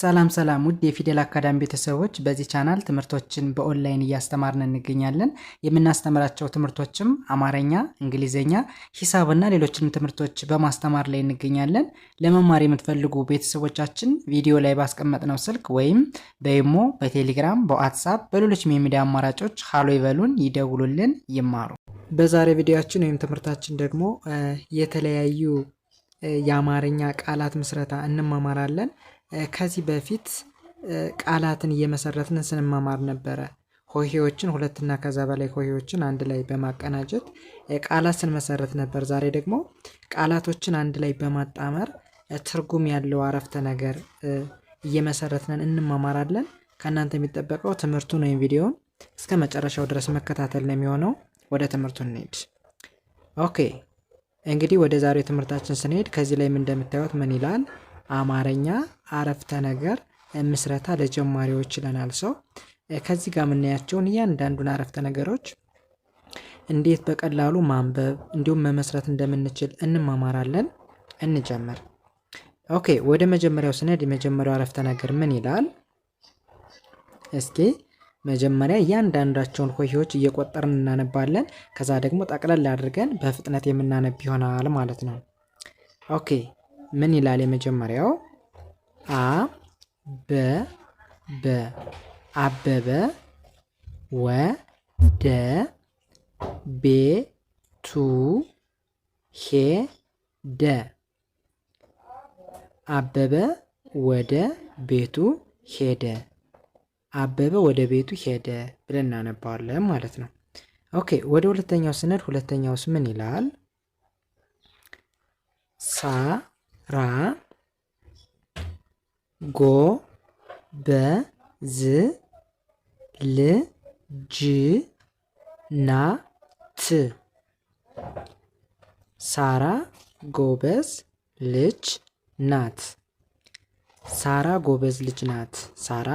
ሰላም ሰላም ውድ የፊደል አካዳሚ ቤተሰቦች፣ በዚህ ቻናል ትምህርቶችን በኦንላይን እያስተማርን እንገኛለን። የምናስተምራቸው ትምህርቶችም አማረኛ፣ እንግሊዝኛ፣ ሂሳብና ሌሎችንም ትምህርቶች በማስተማር ላይ እንገኛለን። ለመማር የምትፈልጉ ቤተሰቦቻችን ቪዲዮ ላይ ባስቀመጥነው ስልክ ወይም በይሞ፣ በቴሌግራም፣ በዋትሳፕ፣ በሌሎች የሚዲያ አማራጮች ሀሎ ይበሉን፣ ይደውሉልን፣ ይማሩ። በዛሬ ቪዲዮችን ወይም ትምህርታችን ደግሞ የተለያዩ የአማርኛ ቃላት ምስረታ እንማማራለን። ከዚህ በፊት ቃላትን እየመሰረትን ስንማማር ነበረ። ሆሄዎችን ሁለትና ከዛ በላይ ሆሄዎችን አንድ ላይ በማቀናጀት ቃላት ስንመሰረት ነበር። ዛሬ ደግሞ ቃላቶችን አንድ ላይ በማጣመር ትርጉም ያለው አረፍተ ነገር እየመሰረትንን እንማማራለን። ከእናንተ የሚጠበቀው ትምህርቱን ወይም ቪዲዮን እስከ መጨረሻው ድረስ መከታተል ነው የሚሆነው። ወደ ትምህርቱ እንሂድ። ኦኬ እንግዲህ ወደ ዛሬው ትምህርታችን ስንሄድ ከዚህ ላይም እንደምታዩት ምን ይላል አማርኛ አረፍተ ነገር ምስረታ ለጀማሪዎች ይለናል ሰው ከዚህ ጋር የምናያቸውን እያንዳንዱን አረፍተ ነገሮች እንዴት በቀላሉ ማንበብ እንዲሁም መመስረት እንደምንችል እንማማራለን። እንጀምር። ኦኬ፣ ወደ መጀመሪያው ስንሄድ የመጀመሪያው አረፍተ ነገር ምን ይላል? እስኪ መጀመሪያ እያንዳንዳቸውን ሆሄዎች እየቆጠርን እናነባለን። ከዛ ደግሞ ጠቅለል አድርገን በፍጥነት የምናነብ ይሆናል ማለት ነው። ኦኬ ምን ይላል የመጀመሪያው? አ በ በ አበበ ወደ ሄ ደ አበበ ወደ ቤቱ ሄደ። አበበ ወደ ቤቱ ሄደ ብለን እናነባዋለን ማለት ነው። ኦኬ ወደ ሁለተኛው ስነድ ሁለተኛውስ ምን ይላል? ሳራ ጅ ና ት ሳራ ጎበዝ ልጅ ናት። ሳራ ጎበዝ ልጅ ናት። ሳራ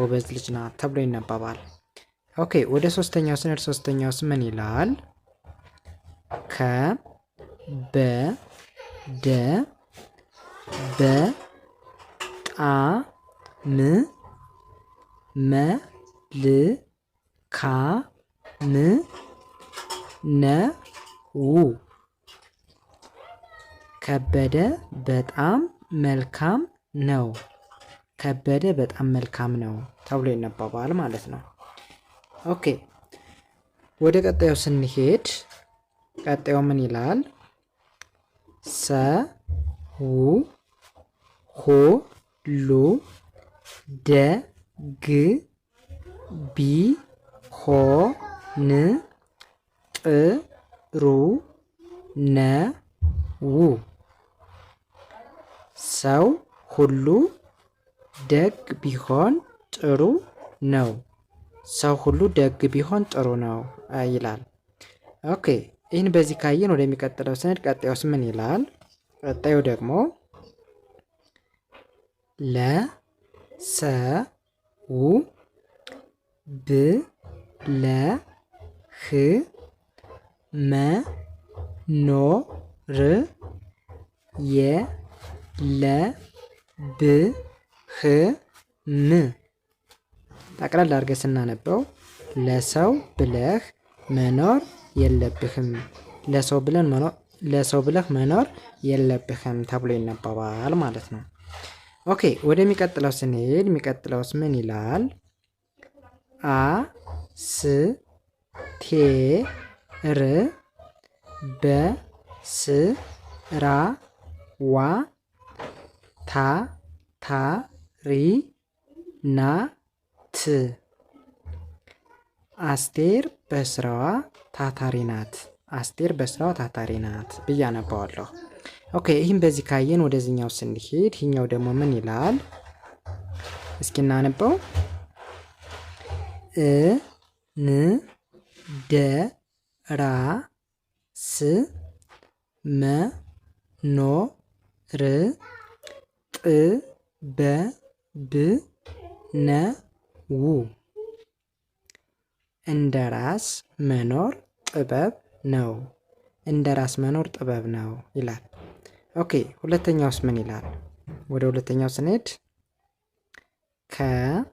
ጎበዝ ልጅ ናት ተብሎ ይነበባል። ኦኬ ወደ ሶስተኛው ስንሄድ ሶስተኛውስ ምን ይላል? ከ በ ደ በ ጣ ም መ ል ካ ም ነ ው ከበደ በጣም መልካም ነው። ከበደ በጣም መልካም ነው ተብሎ ይነበባል ማለት ነው። ኦኬ ወደ ቀጣዩ ስንሄድ ቀጣዩ ምን ይላል? ሰ ው ሆ ሉ ደ ግ ቢ ሆ ን ጥ ሩ ነ ው ሰው ሁሉ ደግ ቢሆን ጥሩ ነው። ሰው ሁሉ ደግ ቢሆን ጥሩ ነው ይላል። ኦኬ ይህን በዚህ ካየን ወደሚቀጥለው ስንሄድ ቀጣዩስ ምን ይላል? ቀጣዩ ደግሞ ለሰው ብለህ መኖር የለብህም ህም ጠቅለል አድርገህ ስናነበው ለሰው ብለህ መኖር የለብህም፣ ለሰው ብለን መኖር ለሰው ብለህ መኖር የለብህም ተብሎ ይነበባል ማለት ነው። ኦኬ ወደ የሚቀጥለው ስንሄድ የሚቀጥለውስ ምን ይላል? አ ስ ቴ ር በ ስ ራ ዋ ታ ታ ና ት አስቴር በስራዋ ታታሪ ናት። አስቴር በስራዋ ታታሪ ናት ብዬ አነባዋለሁ። ኦኬ ይህም በዚህ ካየን ወደዚህኛው ስንሄድ ይህኛው ደግሞ ምን ይላል? እስኪ እናነበው። እ ን ደ ራ ስ መ ኖ ር ጥ በ ብነው እንደ ራስ መኖር ጥበብ ነው። እንደ ራስ መኖር ጥበብ ነው ይላል። ኦኬ ሁለተኛውስ ምን ይላል? ወደ ሁለተኛው ስንሄድ ከበደ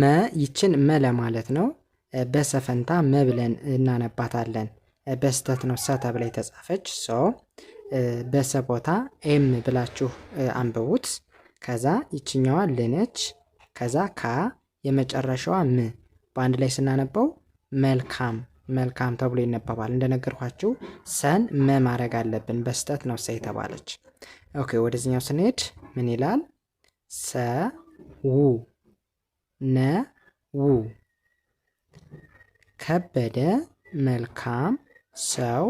መ ይችን መ ለማለት ነው። በሰፈንታ መ ብለን እናነባታለን። በስተት ነው ሰ ተብላ የተጻፈች ሶ በሰቦታ ኤም ብላችሁ አንብቡት። ከዛ ይችኛዋ ልነች ከዛ ካ የመጨረሻዋ ም በአንድ ላይ ስናነበው መልካም መልካም ተብሎ ይነበባል። እንደነገርኳችሁ ሰን መ ማድረግ አለብን። በስተት ነው ሰ የተባለች። ኦኬ ወደዚህኛው ስንሄድ ምን ይላል? ሰ ው ነ ው ከበደ መልካም ሰው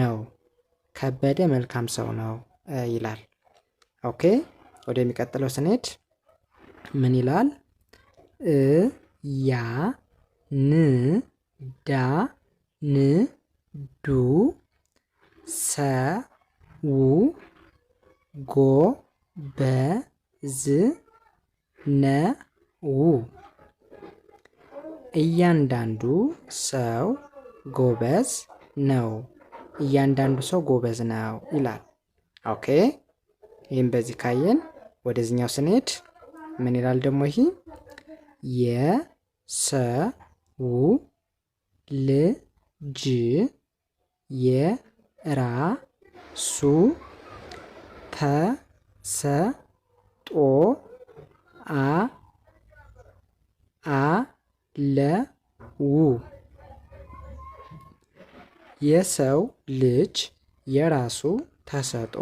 ነው። ከበደ መልካም ሰው ነው ይላል። ኦኬ ወደሚቀጥለው ስንሄድ ምን ይላል? እ ያ ን ዳ ን ዱ ሰ ው ጎ በ ዝ ነ ው እያንዳንዱ ሰው ጎበዝ ነው። እያንዳንዱ ሰው ጎበዝ ነው ይላል። ኦኬ ይህም በዚህ ካየን ወደዚኛው ስንሄድ ምን ይላል ደግሞ ይሄ የሰው ልጅ የራሱ ተሰጦ አለው የሰው ልጅ የራሱ ተሰጦ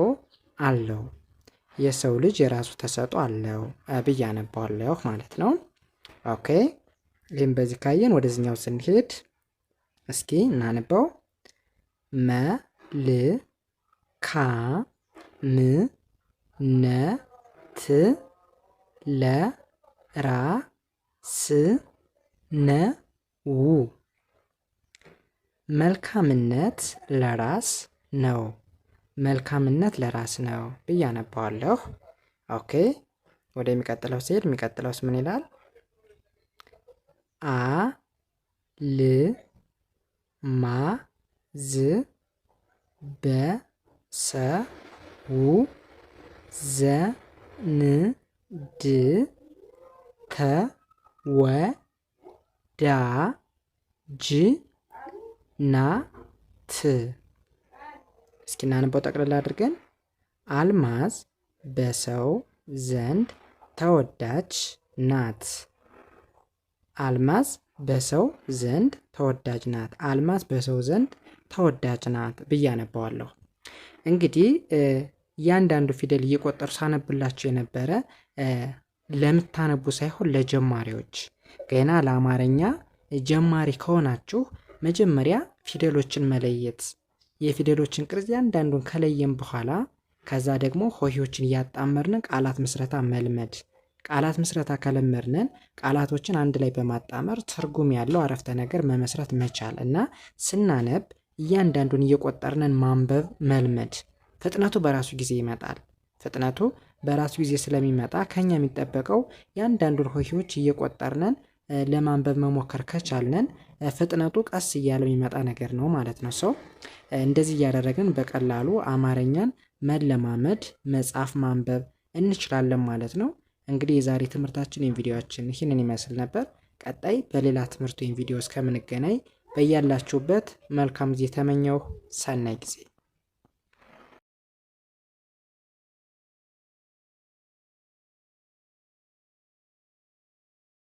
አለው። የሰው ልጅ የራሱ ተሰጦ አለው ብዬ አነባዋለሁ ማለት ነው። ኦኬ ይህም በዚህ ካየን ወደዚኛው ስንሄድ እስኪ እናንበው። መልካምነት ነ ው መልካምነት ለራስ ነው። መልካምነት ለራስ ነው ብያነባዋለሁ አነባዋለሁ። ኦኬ ወደ የሚቀጥለው ሲሄድ የሚቀጥለውስ ምን ይላል? አ ል ማ ዝ በ ሰ ው ዘ ን ድ ተ ወ ዳ ጅ ና ት እስኪ እናንበው ጠቅልላ አድርገን አልማዝ በሰው ዘንድ ተወዳጅ ናት። አልማዝ በሰው ዘንድ ተወዳጅ ናት። አልማዝ በሰው ዘንድ ተወዳጅ ናት ብዬ አነባዋለሁ። እንግዲህ እያንዳንዱ ፊደል እየቆጠሩ ሳነብላችሁ የነበረ ለምታነቡ ሳይሆን ለጀማሪዎች ገና ለአማርኛ ጀማሪ ከሆናችሁ መጀመሪያ ፊደሎችን መለየት የፊደሎችን ቅርጽ ያንዳንዱን ከለየም በኋላ ከዛ ደግሞ ሆሄዎችን እያጣመርንን ቃላት ምስረታ መልመድ። ቃላት ምስረታ ከለመድንን ቃላቶችን አንድ ላይ በማጣመር ትርጉም ያለው አረፍተ ነገር መመስረት መቻል እና ስናነብ እያንዳንዱን እየቆጠርንን ማንበብ መልመድ። ፍጥነቱ በራሱ ጊዜ ይመጣል። ፍጥነቱ በራሱ ጊዜ ስለሚመጣ ከኛ የሚጠበቀው ያንዳንዱን ሆሄዎች እየቆጠርነን ለማንበብ መሞከር ከቻልነን። ፍጥነቱ ቀስ እያለ የሚመጣ ነገር ነው ማለት ነው። ሰው እንደዚህ እያደረግን በቀላሉ አማርኛን መለማመድ፣ መጻፍ፣ ማንበብ እንችላለን ማለት ነው። እንግዲህ የዛሬ ትምህርታችን ወይም ቪዲዮችን ይህንን ይመስል ነበር። ቀጣይ በሌላ ትምህርት ወይም ቪዲዮ እስከምንገናኝ በያላችሁበት መልካም ጊዜ ተመኘሁ። ሰናይ ጊዜ